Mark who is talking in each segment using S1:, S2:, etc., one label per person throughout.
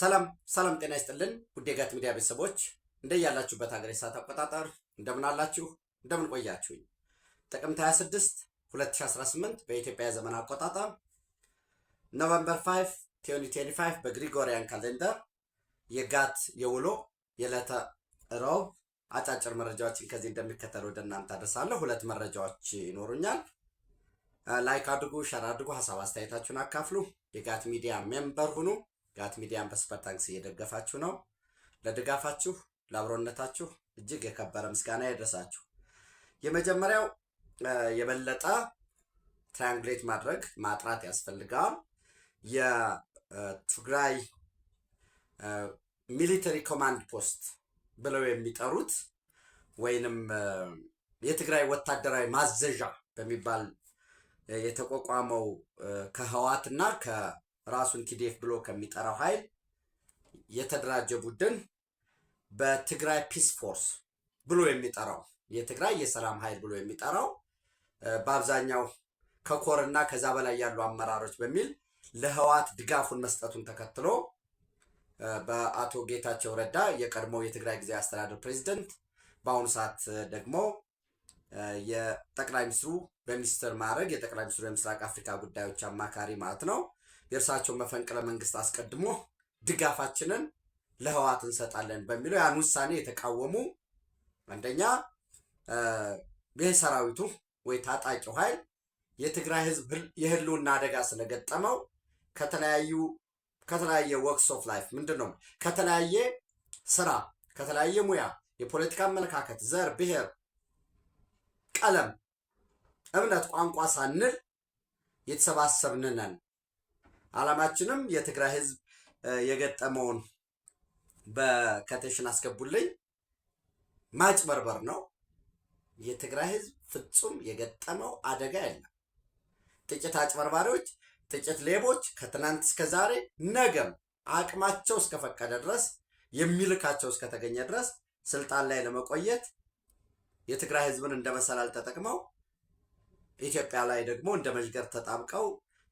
S1: ሰላም ሰላም፣ ጤና ይስጥልን ውዴጋት የጋት ሚዲያ ቤተሰቦች እንደያላችሁበት ሀገር የሰዓት አቆጣጠር እንደምን አላችሁ? እንደምን ቆያችሁኝ? ጥቅምት 26 2018 በኢትዮጵያ የዘመን አቆጣጠር ኖቨምበር 5 2025 በግሪጎሪያን ካሌንደር የጋት የውሎ የዕለተ ረቡዕ አጫጭር መረጃዎችን ከዚህ እንደሚከተል ወደ እናንተ አደርሳለሁ። ሁለት መረጃዎች ይኖሩኛል። ላይክ አድርጉ፣ ሸር አድርጉ፣ ሀሳብ አስተያየታችሁን አካፍሉ፣ የጋት ሚዲያ ሜምበር ሁኑ። ጋት ሚዲያን በሱፐር ታንክስ እየደገፋችሁ ነው። ለድጋፋችሁ ለአብሮነታችሁ እጅግ የከበረ ምስጋና ይድረሳችሁ። የመጀመሪያው የበለጠ ትራያንግሌት ማድረግ ማጥራት ያስፈልጋል። የትግራይ ሚሊተሪ ኮማንድ ፖስት ብለው የሚጠሩት ወይንም የትግራይ ወታደራዊ ማዘዣ በሚባል የተቋቋመው ከህዋት እና ራሱን ቲዲኤፍ ብሎ ከሚጠራው ኃይል የተደራጀ ቡድን በትግራይ ፒስ ፎርስ ብሎ የሚጠራው የትግራይ የሰላም ኃይል ብሎ የሚጠራው በአብዛኛው ከኮር እና ከዛ በላይ ያሉ አመራሮች በሚል ለህዋት ድጋፉን መስጠቱን ተከትሎ በአቶ ጌታቸው ረዳ የቀድሞ የትግራይ ጊዜያዊ አስተዳደር ፕሬዚደንት በአሁኑ ሰዓት ደግሞ የጠቅላይ ሚኒስትሩ በሚኒስትር ማዕረግ የጠቅላይ ሚኒስትሩ የምስራቅ አፍሪካ ጉዳዮች አማካሪ ማለት ነው የእርሳቸው መፈንቅለ መንግስት አስቀድሞ ድጋፋችንን ለህወሓት እንሰጣለን በሚለው ያን ውሳኔ የተቃወሙ አንደኛ ይህ ሰራዊቱ ወይ ታጣቂው ኃይል የትግራይ ህዝብ የህልውና አደጋ ስለገጠመው ከተለያዩ ከተለያየ ወርክስ ኦፍ ላይፍ ምንድን ነው ከተለያየ ስራ ከተለያየ ሙያ የፖለቲካ አመለካከት፣ ዘር፣ ብሔር፣ ቀለም፣ እምነት፣ ቋንቋ ሳንል የተሰባሰብን ነን አላማችንም የትግራይ ህዝብ የገጠመውን በከቴሽን አስገቡልኝ ማጭበርበር ነው። የትግራይ ህዝብ ፍጹም የገጠመው አደጋ የለም። ጥቂት አጭበርባሪዎች፣ ጥቂት ሌቦች ከትናንት እስከ ዛሬ ነገም አቅማቸው እስከፈቀደ ድረስ የሚልካቸው እስከተገኘ ድረስ ስልጣን ላይ ለመቆየት የትግራይ ህዝብን እንደ መሰላል ተጠቅመው ኢትዮጵያ ላይ ደግሞ እንደ መዥገር ተጣብቀው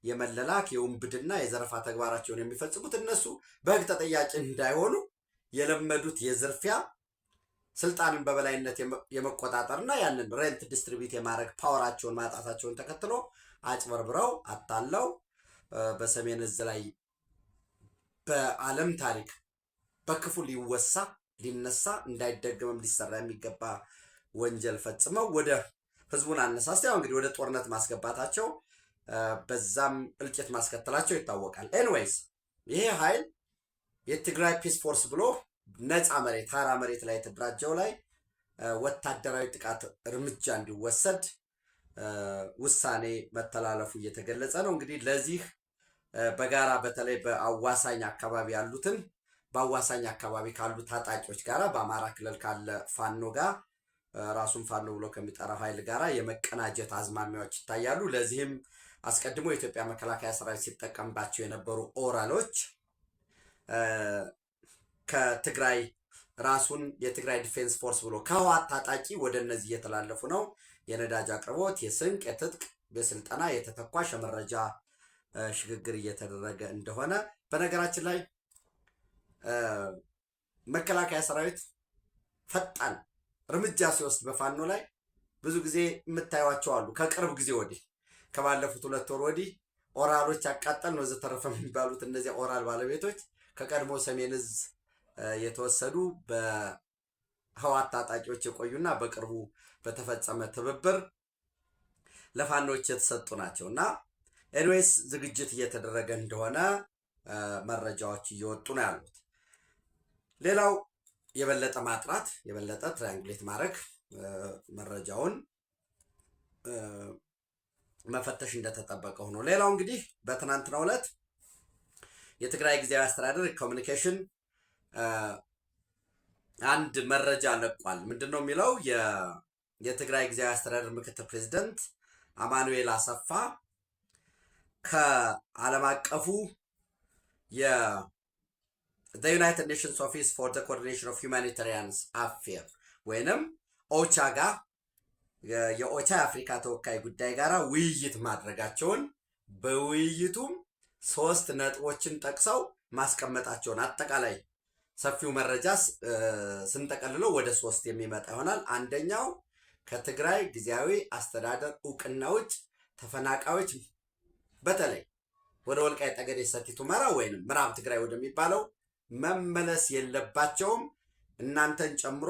S1: የመለላክ የውንብድና የዘረፋ ተግባራቸውን የሚፈጽሙት እነሱ በህግ ተጠያቂ እንዳይሆኑ የለመዱት የዝርፊያ ስልጣንን በበላይነት የመቆጣጠርና ያንን ሬንት ዲስትሪቢዩት የማድረግ ፓወራቸውን ማጣታቸውን ተከትሎ አጭበርብረው አታለው በሰሜን እዝ ላይ በዓለም ታሪክ በክፉ ሊወሳ ሊነሳ እንዳይደገምም ሊሰራ የሚገባ ወንጀል ፈጽመው ወደ ህዝቡን አነሳስተው እንግዲህ ወደ ጦርነት ማስገባታቸው በዛም እልቂት ማስከተላቸው ይታወቃል። ኤንዌይስ ይሄ ኃይል የትግራይ ፒስ ፎርስ ብሎ ነፃ መሬት ሀራ መሬት ላይ የተደራጀው ላይ ወታደራዊ ጥቃት እርምጃ እንዲወሰድ ውሳኔ መተላለፉ እየተገለጸ ነው። እንግዲህ ለዚህ በጋራ በተለይ በአዋሳኝ አካባቢ ያሉትን በአዋሳኝ አካባቢ ካሉ ታጣቂዎች ጋራ በአማራ ክልል ካለ ፋኖ ጋር ራሱን ፋኖ ብሎ ከሚጠራው ኃይል ጋራ የመቀናጀት አዝማሚያዎች ይታያሉ። ለዚህም አስቀድሞ የኢትዮጵያ መከላከያ ሰራዊት ሲጠቀምባቸው የነበሩ ኦራሎች ከትግራይ ራሱን የትግራይ ዲፌንስ ፎርስ ብሎ ከህዋ ታጣቂ ወደ እነዚህ እየተላለፉ ነው። የነዳጅ አቅርቦት፣ የስንቅ፣ የትጥቅ፣ የስልጠና፣ የተተኳሽ የመረጃ ሽግግር እየተደረገ እንደሆነ በነገራችን ላይ መከላከያ ሰራዊት ፈጣን እርምጃ ሲወስድ በፋኖ ላይ ብዙ ጊዜ የምታዩቸው አሉ። ከቅርብ ጊዜ ወዲህ ከባለፉት ሁለት ወር ወዲህ ኦራሎች አቃጠል ነው ዘተረፈ የሚባሉት እነዚያ ኦራል ባለቤቶች ከቀድሞ ሰሜን እዝ የተወሰዱ በህዋት ታጣቂዎች የቆዩና በቅርቡ በተፈጸመ ትብብር ለፋኖች የተሰጡ ናቸው እና ኤንዌስ ዝግጅት እየተደረገ እንደሆነ መረጃዎች እየወጡ ነው ያሉት። ሌላው የበለጠ ማጥራት የበለጠ ትሪያንግሌት ማድረግ መረጃውን መፈተሽ እንደተጠበቀ ሆኖ ሌላው እንግዲህ በትናንትናው ዕለት የትግራይ ጊዜያዊ አስተዳደር ኮሚኒኬሽን አንድ መረጃ ለቋል። ምንድን ነው የሚለው? የትግራይ ጊዜያዊ አስተዳደር ምክትል ፕሬዚደንት አማኑኤል አሰፋ ከዓለም አቀፉ የዩናይትድ ኔሽንስ ኦፊስ ፎር ኮኦርዲኔሽን ኦፍ ሁማኒታሪያን አፌር ወይንም ኦቻ ጋር የኦቻ አፍሪካ ተወካይ ጉዳይ ጋር ውይይት ማድረጋቸውን በውይይቱም ሶስት ነጥቦችን ጠቅሰው ማስቀመጣቸውን አጠቃላይ ሰፊው መረጃ ስንጠቀልለው ወደ ሶስት የሚመጣ ይሆናል። አንደኛው ከትግራይ ጊዜያዊ አስተዳደር እውቅና ውጭ ተፈናቃዮች በተለይ ወደ ወልቃይት ጠገዴ፣ ሰቲት ሁመራ ወይንም ምዕራብ ትግራይ ወደሚባለው መመለስ የለባቸውም እናንተን ጨምሮ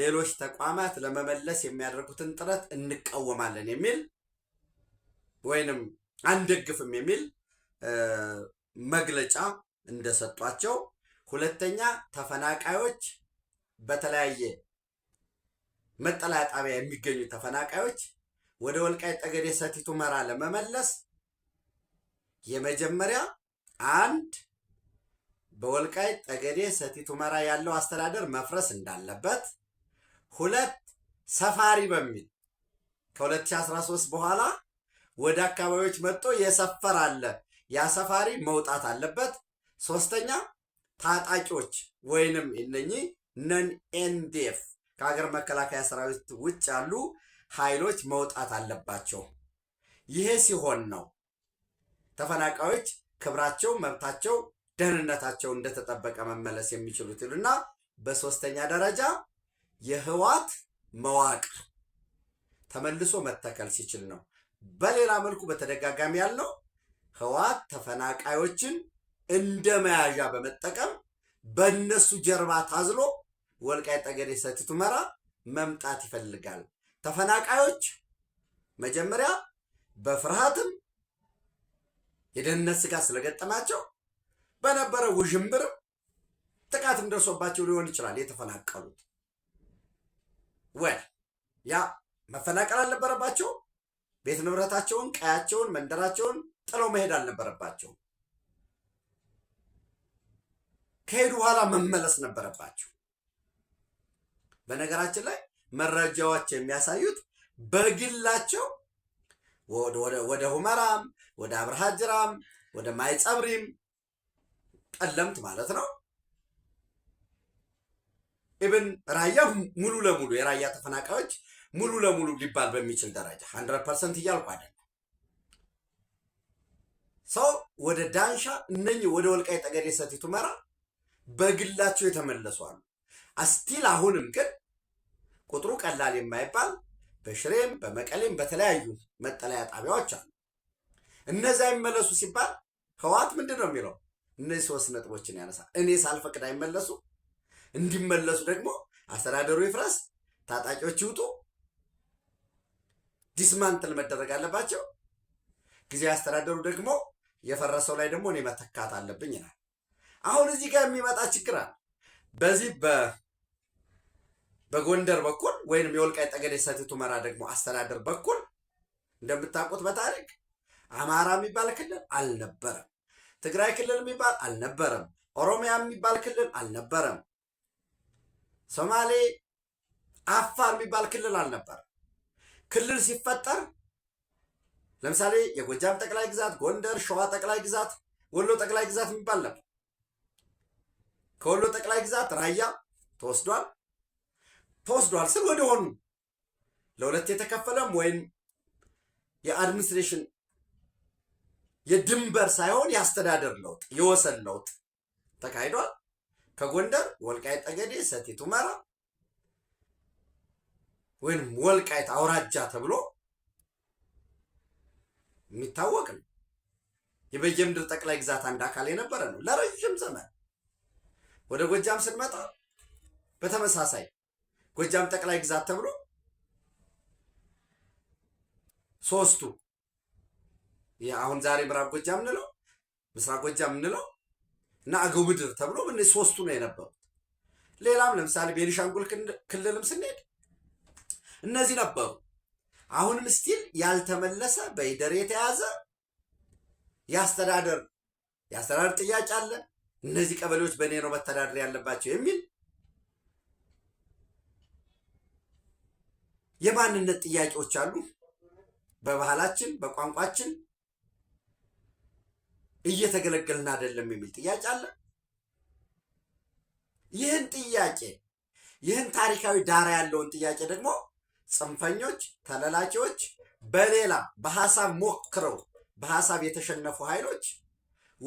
S1: ሌሎች ተቋማት ለመመለስ የሚያደርጉትን ጥረት እንቃወማለን የሚል ወይንም አንደግፍም የሚል መግለጫ እንደሰጧቸው፣ ሁለተኛ ተፈናቃዮች በተለያየ መጠለያ ጣቢያ የሚገኙ ተፈናቃዮች ወደ ወልቃይት ጠገዴ ሰቲት ሁመራ ለመመለስ የመጀመሪያ አንድ በወልቃይት ጠገዴ ሰቲት ሁመራ ያለው አስተዳደር መፍረስ እንዳለበት ሁለት ሰፋሪ በሚል ከ2013 በኋላ ወደ አካባቢዎች መጥቶ የሰፈር አለ። ያ ሰፋሪ መውጣት አለበት። ሶስተኛ ታጣቂዎች ወይንም እነኚህ ነን ኤንዴፍ ከሀገር መከላከያ ሰራዊት ውጭ ያሉ ኃይሎች መውጣት አለባቸው። ይሄ ሲሆን ነው ተፈናቃዮች ክብራቸው፣ መብታቸው፣ ደህንነታቸው እንደተጠበቀ መመለስ የሚችሉት እና በሶስተኛ ደረጃ የህዋት መዋቅር ተመልሶ መተከል ሲችል ነው። በሌላ መልኩ በተደጋጋሚ ያለው ህዋት ተፈናቃዮችን እንደ መያዣ በመጠቀም በእነሱ ጀርባ ታዝሎ ወልቃይ ጠገዴ ሰቲት ሁመራ መምጣት ይፈልጋል። ተፈናቃዮች መጀመሪያ በፍርሃትም የደህንነት ስጋት ስለገጠማቸው በነበረ ውዥንብርም ጥቃትም ደርሶባቸው ሊሆን ይችላል የተፈናቀሉት። ወር ያ መፈናቀል አልነበረባቸው። ቤት ንብረታቸውን፣ ቀያቸውን፣ መንደራቸውን ጥለው መሄድ አልነበረባቸው። ከሄዱ በኋላ መመለስ ነበረባቸው። በነገራችን ላይ መረጃዎች የሚያሳዩት በግላቸው ወደ ሁመራም፣ ወደ አብርሃጅራም፣ ወደ ማይጸብሪም ጠለምት ማለት ነው ኢብን ራያ ሙሉ ለሙሉ የራያ ተፈናቃዮች ሙሉ ለሙሉ ሊባል በሚችል ደረጃ ሀንድረድ ፐርሰንት እያልኩ አይደለም። ሰው ወደ ዳንሻ እነኝ ወደ ወልቃይ ጠገዴ ሰቲት ሁመራ በግላቸው የተመለሱ አሉ። አስቲል አሁንም ግን ቁጥሩ ቀላል የማይባል በሽሬም በመቀሌም በተለያዩ መጠለያ ጣቢያዎች አሉ። እነዛ ይመለሱ ሲባል ህወሓት ምንድን ነው የሚለው? እነዚህ ሶስት ነጥቦችን ያነሳል። እኔ ሳልፈቅድ አይመለሱ እንዲመለሱ ደግሞ አስተዳደሩ ይፍረስ፣ ታጣቂዎች ይውጡ፣ ዲስማንትል መደረግ አለባቸው። ጊዜ አስተዳደሩ ደግሞ የፈረሰው ላይ ደግሞ እኔ መተካት አለብኝ ይላል። አሁን እዚህ ጋር የሚመጣ ችግር አለ። በዚህ በጎንደር በኩል ወይንም የወልቃ ጠገዴ ሰቲት ሁመራ ደግሞ አስተዳደር በኩል እንደምታውቁት በታሪክ አማራ የሚባል ክልል አልነበረም። ትግራይ ክልል የሚባል አልነበረም። ኦሮሚያ የሚባል ክልል አልነበረም። ሶማሌ፣ አፋር የሚባል ክልል አልነበር። ክልል ሲፈጠር ለምሳሌ የጎጃም ጠቅላይ ግዛት፣ ጎንደር፣ ሸዋ ጠቅላይ ግዛት፣ ወሎ ጠቅላይ ግዛት የሚባል ነበር። ከወሎ ጠቅላይ ግዛት ራያ ተወስዷል። ተወስዷል ስል ወደ ሆኑ ለሁለት የተከፈለም ወይም የአድሚኒስትሬሽን የድንበር ሳይሆን የአስተዳደር ለውጥ የወሰን ለውጥ ተካሂዷል። ከጎንደር ወልቃይት ጠገዴ፣ ሰቲት ሁመራ ወይም ወልቃይት አውራጃ ተብሎ የሚታወቅ ነው። የበጌምድር ጠቅላይ ግዛት አንድ አካል የነበረ ነው ለረዥም ዘመን። ወደ ጎጃም ስንመጣ በተመሳሳይ ጎጃም ጠቅላይ ግዛት ተብሎ ሶስቱ አሁን ዛሬ ምዕራብ ጎጃም ምንለው፣ ምስራቅ ጎጃም ምንለው እና አገው ምድር ተብሎ ሶስቱ ነው የነበሩት። ሌላም ለምሳሌ ቤኒሻንጉል ክልልም ስንሄድ እነዚህ ነበሩ። አሁንም ስቲል ያልተመለሰ በኢደር የተያዘ የአስተዳደር የአስተዳደር ጥያቄ አለ። እነዚህ ቀበሌዎች በእኔ ነው መተዳደር ያለባቸው የሚል የማንነት ጥያቄዎች አሉ። በባህላችን በቋንቋችን እየተገለገልን አይደለም የሚል ጥያቄ አለ። ይህን ጥያቄ ይህን ታሪካዊ ዳራ ያለውን ጥያቄ ደግሞ ጽንፈኞች፣ ተለላኪዎች በሌላ በሀሳብ ሞክረው በሀሳብ የተሸነፉ ኃይሎች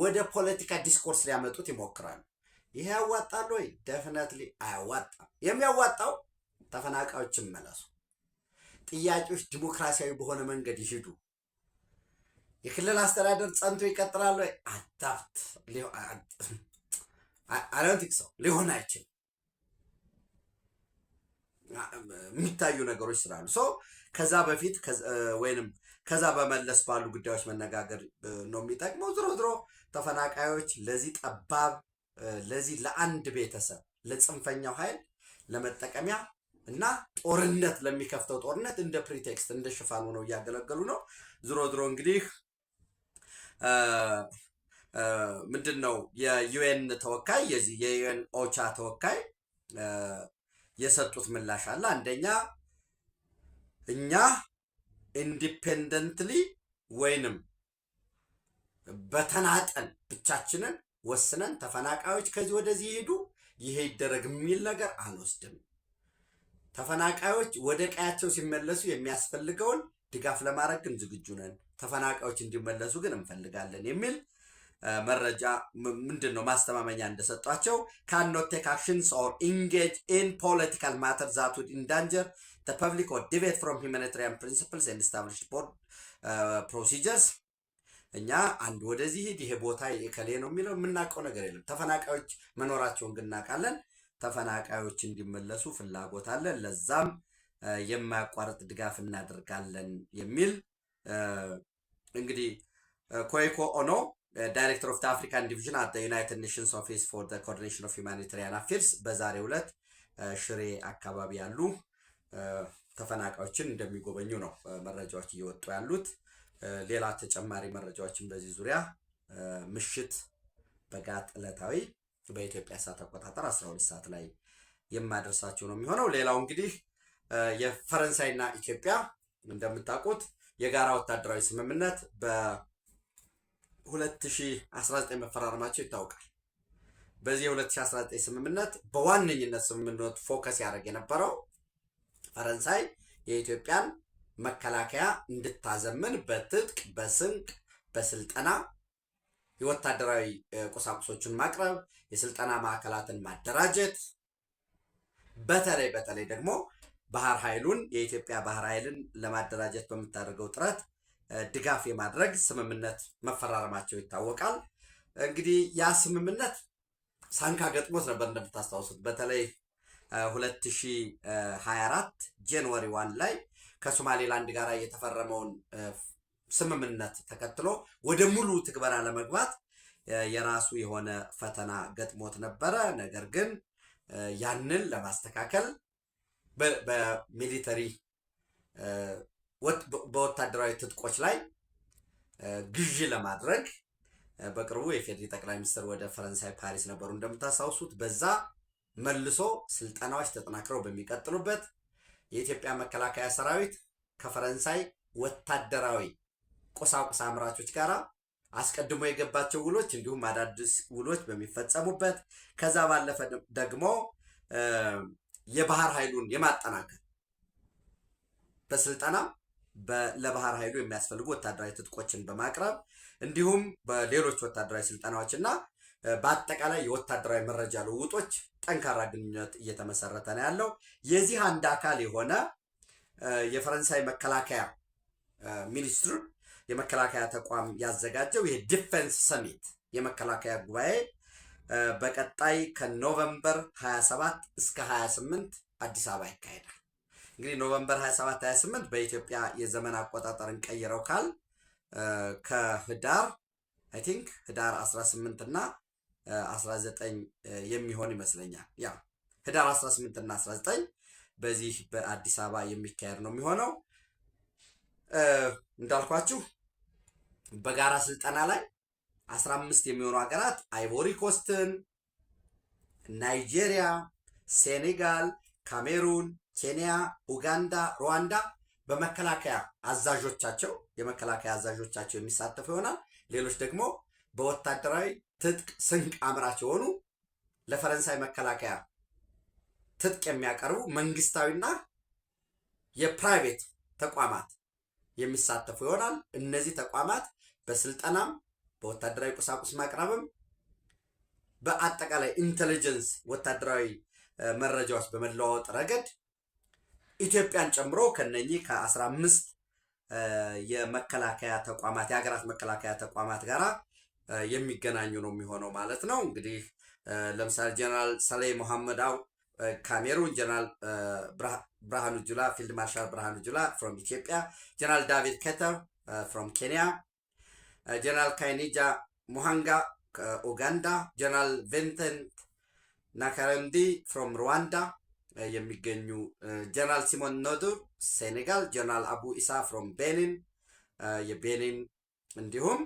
S1: ወደ ፖለቲካ ዲስኮርስ ሊያመጡት ይሞክራሉ። ይሄ ያዋጣል ወይ? ደፍነትሊ አያዋጣም። የሚያዋጣው ተፈናቃዮች መለሱ፣ ጥያቄዎች ዲሞክራሲያዊ በሆነ መንገድ ይሂዱ የክልል አስተዳደር ጸንቶ ይቀጥላል ወይ? አዳፍት ሰው ሊሆን አይችልም። የሚታዩ ነገሮች ስላሉ ሰው ከዛ በፊት ወይንም ከዛ በመለስ ባሉ ጉዳዮች መነጋገር ነው የሚጠቅመው። ዝሮ ዝሮ ተፈናቃዮች ለዚህ ጠባብ ለዚህ ለአንድ ቤተሰብ ለጽንፈኛው ኃይል ለመጠቀሚያ እና ጦርነት ለሚከፍተው ጦርነት እንደ ፕሪቴክስት እንደ ሽፋን ሆነው እያገለገሉ ነው። ዝሮ ዝሮ እንግዲህ ምንድን ነው የዩኤን ተወካይ የዚህ የዩኤን ኦቻ ተወካይ የሰጡት ምላሽ አለ። አንደኛ እኛ ኢንዲፔንደንትሊ ወይንም በተናጠል ብቻችንን ወስነን ተፈናቃዮች ከዚህ ወደዚህ ይሄዱ ይሄ ይደረግ የሚል ነገር አልወስድም። ተፈናቃዮች ወደ ቀያቸው ሲመለሱ የሚያስፈልገውን ድጋፍ ለማድረግ ግን ዝግጁ ነን፣ ተፈናቃዮች እንዲመለሱ ግን እንፈልጋለን የሚል መረጃ ምንድን ነው ማስተማመኛ እንደሰጧቸው ካን ኖት ቴክ አክሽንስ ኦር ኢንጌጅ ኢን ፖለቲካል ማተር ዛት ውድ ኢንዳንጀር ተ ፐብሊክ ኦር ዲቤት ፍሮም ሂውማኒታሪያን ፕሪንስፕልስ ኤንድ ስታብሊሽድ ቦርድ ፕሮሲጀርስ እኛ አንድ ወደዚህ ሂድ ይሄ ቦታ የከሌ ነው የሚለው የምናውቀው ነገር የለም። ተፈናቃዮች መኖራቸውን ግን እናውቃለን። ተፈናቃዮች እንዲመለሱ ፍላጎት አለን። ለዛም የማያቋርጥ ድጋፍ እናደርጋለን የሚል እንግዲህ ኮይኮ ኦኖ ዳይሬክተር ኦፍ አፍሪካን ዲቪዥን አት ዩናይትድ ኔሽንስ ኦፊስ ፎር ኮኦርዲኔሽን ኦፍ ሁማኒታሪያን አፌርስ በዛሬው ዕለት ሽሬ አካባቢ ያሉ ተፈናቃዮችን እንደሚጎበኙ ነው መረጃዎች እየወጡ ያሉት። ሌላ ተጨማሪ መረጃዎችን በዚህ ዙሪያ ምሽት በጋጥ ዕለታዊ በኢትዮጵያ ሰዓት አቆጣጠር 12 ሰዓት ላይ የማደርሳቸው ነው የሚሆነው። ሌላው እንግዲህ የፈረንሳይና ኢትዮጵያ እንደምታውቁት የጋራ ወታደራዊ ስምምነት በ2019 መፈራረማቸው ይታወቃል። በዚህ የ2019 ስምምነት በዋነኝነት ስምምነት ፎከስ ያደረግ የነበረው ፈረንሳይ የኢትዮጵያን መከላከያ እንድታዘምን በትጥቅ በስንቅ በስልጠና የወታደራዊ ቁሳቁሶችን ማቅረብ፣ የስልጠና ማዕከላትን ማደራጀት በተለይ በተለይ ደግሞ ባህር ኃይሉን የኢትዮጵያ ባህር ኃይልን ለማደራጀት በምታደርገው ጥረት ድጋፍ የማድረግ ስምምነት መፈራረማቸው ይታወቃል። እንግዲህ ያ ስምምነት ሳንካ ገጥሞት ነበር እንደምታስታውሱት በተለይ 2024 ጃንዋሪ ዋን ላይ ከሶማሌላንድ ጋር የተፈረመውን ስምምነት ተከትሎ ወደ ሙሉ ትግበራ ለመግባት የራሱ የሆነ ፈተና ገጥሞት ነበረ። ነገር ግን ያንን ለማስተካከል በሚሊተሪ በወታደራዊ ትጥቆች ላይ ግዢ ለማድረግ በቅርቡ የፌዴሪ ጠቅላይ ሚኒስትር ወደ ፈረንሳይ ፓሪስ ነበሩ እንደምታስታውሱት። በዛ መልሶ ስልጠናዎች ተጠናክረው በሚቀጥሉበት የኢትዮጵያ መከላከያ ሰራዊት ከፈረንሳይ ወታደራዊ ቁሳቁስ አምራቾች ጋር አስቀድሞ የገባቸው ውሎች እንዲሁም አዳዲስ ውሎች በሚፈጸሙበት ከዛ ባለፈ ደግሞ የባህር ኃይሉን የማጠናከር በስልጠና ለባህር ኃይሉ የሚያስፈልጉ ወታደራዊ ትጥቆችን በማቅረብ እንዲሁም በሌሎች ወታደራዊ ስልጠናዎች እና በአጠቃላይ የወታደራዊ መረጃ ልውጦች ጠንካራ ግንኙነት እየተመሰረተ ነው ያለው። የዚህ አንድ አካል የሆነ የፈረንሳይ መከላከያ ሚኒስትር የመከላከያ ተቋም ያዘጋጀው ይሄ ዲፌንስ ሰሚት የመከላከያ ጉባኤ በቀጣይ ከኖቨምበር 27 እስከ 28 አዲስ አበባ ይካሄዳል። እንግዲህ ኖቨምበር 27 28 በኢትዮጵያ የዘመን አቆጣጠር እንቀይረው ካል ከህዳር አይ ቲንክ ህዳር 18 እና 19 የሚሆን ይመስለኛል። ያ ህዳር 18 እና 19 በዚህ በአዲስ አበባ የሚካሄድ ነው የሚሆነው። እንዳልኳችሁ በጋራ ስልጠና ላይ አስራ አምስት የሚሆኑ ሀገራት አይቮሪ ኮስትን፣ ናይጄሪያ፣ ሴኔጋል፣ ካሜሩን፣ ኬንያ፣ ኡጋንዳ፣ ሩዋንዳ በመከላከያ አዛዦቻቸው የመከላከያ አዛዦቻቸው የሚሳተፉ ይሆናል። ሌሎች ደግሞ በወታደራዊ ትጥቅ ስንቅ አምራች የሆኑ ለፈረንሳይ መከላከያ ትጥቅ የሚያቀርቡ መንግስታዊና የፕራይቬት ተቋማት የሚሳተፉ ይሆናል። እነዚህ ተቋማት በስልጠናም በወታደራዊ ቁሳቁስ ማቅረብም በአጠቃላይ ኢንቴሊጀንስ ወታደራዊ መረጃዎች በመለዋወጥ ረገድ ኢትዮጵያን ጨምሮ ከነኚህ ከአስራ አምስት የመከላከያ ተቋማት የሀገራት መከላከያ ተቋማት ጋር የሚገናኙ ነው የሚሆነው ማለት ነው። እንግዲህ ለምሳሌ ጀነራል ሰሌ ሞሐመድ አው ካሜሩን፣ ጀነራል ብርሃኑ ጁላ ፊልድ ማርሻል ብርሃኑ ጁላ ፍሮም ኢትዮጵያ፣ ጀነራል ዳቪድ ከተር ፍሮም ኬንያ ጀነራል ካይኒጃ ሙሃንጋ ከኡጋንዳ፣ ጀነራል ቬንተንት ናካረምዲ ፍሮም ሩዋንዳ የሚገኙ ጀነራል ሲሞን ኖዱር ሴኔጋል፣ ጀነራል አቡ ኢሳ ፍሮም ቤኒን የቤኒን እንዲሁም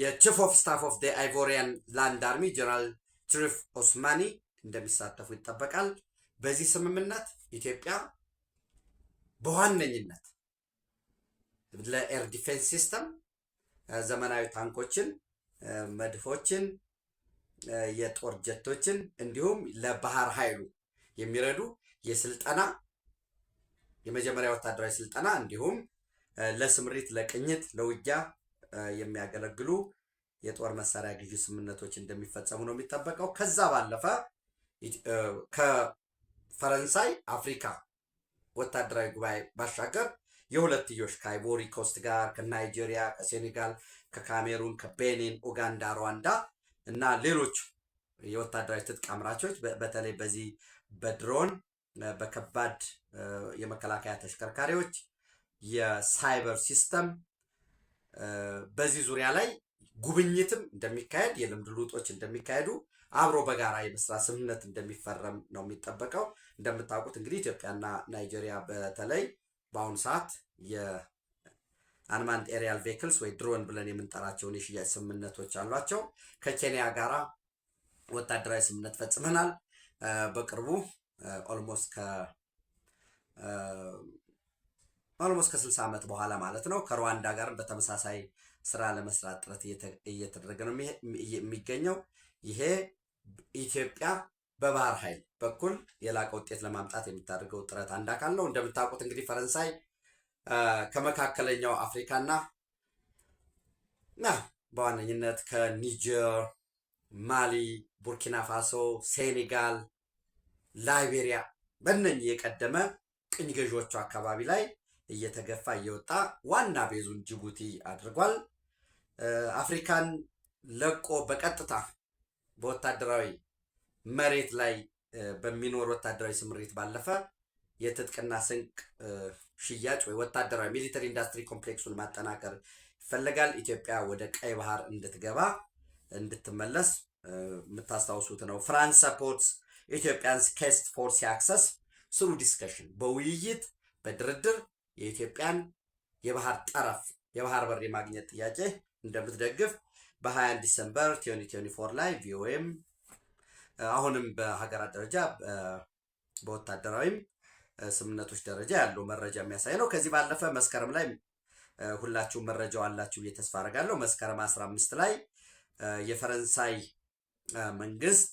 S1: የቺፍ ኦፍ ስታፍ ኦፍ አይቮሪያን ላንድ አርሚ ጀነራል ችሪፍ ኦስማኒ እንደሚሳተፉ ይጠበቃል። በዚህ ስምምነት ኢትዮጵያ በዋነኝነት ለኤር ዲፌንስ ሲስተም ዘመናዊ ታንኮችን፣ መድፎችን፣ የጦር ጀቶችን እንዲሁም ለባህር ኃይሉ የሚረዱ የስልጠና የመጀመሪያ ወታደራዊ ስልጠና እንዲሁም ለስምሪት፣ ለቅኝት፣ ለውጊያ የሚያገለግሉ የጦር መሳሪያ ግዢ ስምምነቶች እንደሚፈጸሙ ነው የሚጠበቀው። ከዛ ባለፈ ከፈረንሳይ አፍሪካ ወታደራዊ ጉባኤ ባሻገር የሁለትዮሽ ከአይቮሪ ኮስት ጋር ከናይጄሪያ፣ ከሴኔጋል፣ ከካሜሩን፣ ከቤኒን፣ ኡጋንዳ፣ ሩዋንዳ እና ሌሎች የወታደራዊ ትጥቅ አምራቾች በተለይ በዚህ በድሮን በከባድ የመከላከያ ተሽከርካሪዎች የሳይበር ሲስተም በዚህ ዙሪያ ላይ ጉብኝትም እንደሚካሄድ የልምድ ልውጦች እንደሚካሄዱ አብሮ በጋራ የመስራት ስምምነት እንደሚፈረም ነው የሚጠበቀው። እንደምታውቁት እንግዲህ ኢትዮጵያና ናይጄሪያ በተለይ በአሁኑ ሰዓት የአንማንድ ኤሪያል ቬክልስ ወይ ድሮን ብለን የምንጠራቸውን የሽያጭ ስምምነቶች አሏቸው። ከኬንያ ጋር ወታደራዊ ስምምነት ፈጽመናል። በቅርቡ ኦልሞስት ከ ኦልሞስት ከስልሳ ዓመት በኋላ ማለት ነው። ከሩዋንዳ ጋር በተመሳሳይ ስራ ለመስራት ጥረት እየተደረገ ነው የሚገኘው። ይሄ ኢትዮጵያ በባህር ኃይል በኩል የላቀ ውጤት ለማምጣት የምታደርገው ጥረት አንድ አካል ነው። እንደምታውቁት እንግዲህ ፈረንሳይ ከመካከለኛው አፍሪካና ና በዋነኝነት ከኒጀር፣ ማሊ፣ ቡርኪና ፋሶ፣ ሴኔጋል፣ ላይቤሪያ በነኝ የቀደመ ቅኝ ገዢዎቹ አካባቢ ላይ እየተገፋ እየወጣ ዋና ቤዙን ጅቡቲ አድርጓል። አፍሪካን ለቆ በቀጥታ በወታደራዊ መሬት ላይ በሚኖር ወታደራዊ ስምሪት ባለፈ የትጥቅና ስንቅ ሽያጭ ወይ ወታደራዊ ሚሊተሪ ኢንዱስትሪ ኮምፕሌክሱን ማጠናከር ይፈለጋል። ኢትዮጵያ ወደ ቀይ ባህር እንድትገባ እንድትመለስ የምታስታውሱት ነው። ፍራንስ ሰፖርትስ ኢትዮጵያንስ ኬስት ፎር ሲ ስሩ ዲስከሽን በውይይት በድርድር የኢትዮጵያን የባህር ጠረፍ የባህር በር የማግኘት ጥያቄ እንደምትደግፍ በ21 ዲሰምበር 2024 ላይ ቪኦኤም አሁንም በሀገራት ደረጃ በወታደራዊም ስምምነቶች ደረጃ ያለው መረጃ የሚያሳይ ነው። ከዚህ ባለፈ መስከረም ላይ ሁላችሁም መረጃው አላችሁ ብዬ ተስፋ አደርጋለሁ። መስከረም አስራ አምስት ላይ የፈረንሳይ መንግስት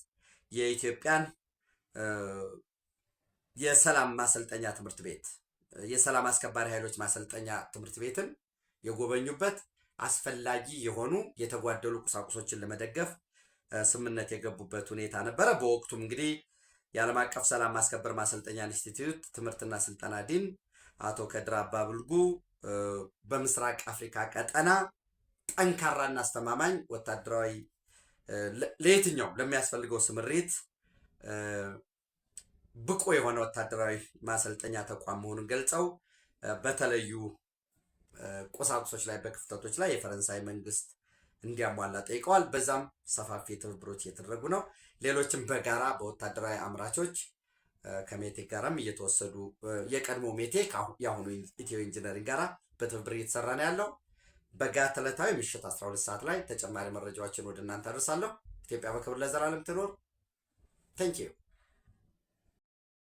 S1: የኢትዮጵያን የሰላም ማሰልጠኛ ትምህርት ቤት የሰላም አስከባሪ ኃይሎች ማሰልጠኛ ትምህርት ቤትን የጎበኙበት አስፈላጊ የሆኑ የተጓደሉ ቁሳቁሶችን ለመደገፍ ስምምነት የገቡበት ሁኔታ ነበረ። በወቅቱም እንግዲህ የዓለም አቀፍ ሰላም ማስከበር ማሰልጠኛ ኢንስቲትዩት ትምህርትና ስልጠና ዲን አቶ ከድር አባብልጉ በምስራቅ አፍሪካ ቀጠና ጠንካራና አስተማማኝ ወታደራዊ ለየትኛውም ለሚያስፈልገው ስምሪት ብቁ የሆነ ወታደራዊ ማሰልጠኛ ተቋም መሆኑን ገልጸው በተለዩ ቁሳቁሶች ላይ በክፍተቶች ላይ የፈረንሳይ መንግስት እንዲያሟላ ጠይቀዋል። በዛም ሰፋፊ ትብብሮች እየተደረጉ ነው። ሌሎችም በጋራ በወታደራዊ አምራቾች ከሜቴክ ጋራም እየተወሰዱ የቀድሞ ሜቴክ የአሁኑ ኢትዮ ኢንጂነሪንግ ጋራ በትብብር እየተሰራ ነው ያለው። በጋት ዕለታዊ ምሽት 12 ሰዓት ላይ ተጨማሪ መረጃዎችን ወደ እናንተ አደርሳለሁ። ኢትዮጵያ በክብር ለዘላለም ትኖር። ተንኪዩ